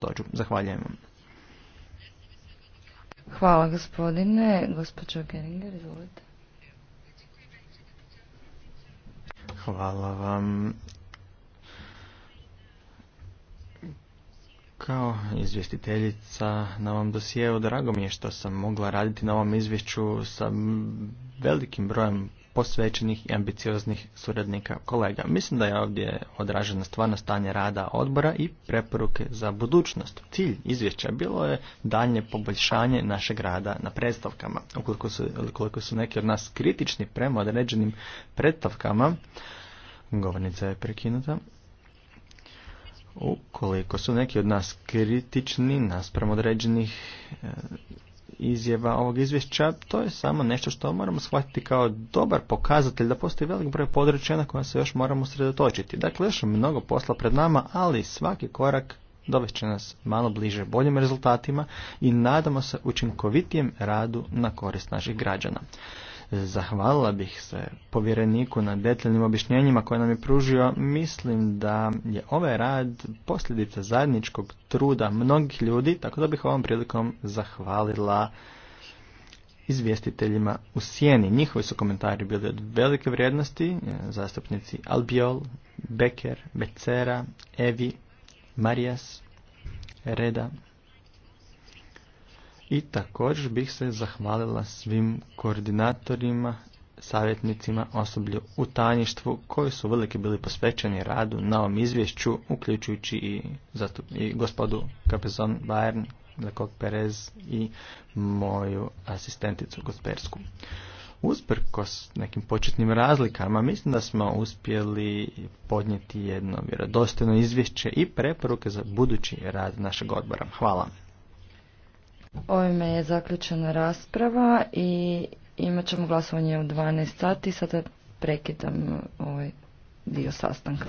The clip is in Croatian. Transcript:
dođu. Zahvaljujem vam. Hvala gospodine. Gospođo Geringer, izvolite. Hvala vam. Kao izvjestiteljica na ovom dosijeu, drago mi je što sam mogla raditi na ovom izvješću sa velikim brojem posvećenih i ambicioznih suradnika kolega. Mislim da je ovdje odraženo stvarno stanje rada odbora i preporuke za budućnost. Cilj izvješća bilo je daljnje poboljšanje našeg rada na predstavkama. Ukoliko su, ukoliko su neki od nas kritični prema određenim predstavkama, govornica je prekinuta, ukoliko su neki od nas kritični naspram određenih e, izjeva ovog izvješća, to je samo nešto što moramo shvatiti kao dobar pokazatelj da postoji velik broj područja na koja se još moramo sredotočiti. Dakle, još mnogo posla pred nama, ali svaki korak dovest će nas malo bliže boljim rezultatima i nadamo se učinkovitijem radu na korist naših građana. Zahvalila bih se povjereniku na detaljnim objašnjenjima koje nam je pružio. Mislim da je ovaj rad posljedica zajedničkog truda mnogih ljudi, tako da bih ovom prilikom zahvalila izvjestiteljima u sjeni. Njihovi su komentari bili od velike vrijednosti, zastupnici Albiol, Becker, Becera, Evi, Marijas, Reda. I također bih se zahvalila svim koordinatorima, savjetnicima, osoblju u tajništvu koji su veliki bili posvećeni radu na ovom izvješću, uključujući i, gospodu kapezon Bayern, Lekog Perez i moju asistenticu Gospersku usprkos nekim početnim razlikama, mislim da smo uspjeli podnijeti jedno vjerodostojno izvješće i preporuke za budući rad našeg odbora. Hvala. Ovime je zaključena rasprava i imat ćemo glasovanje u 12 sati. Sada prekidam ovaj dio sastanka.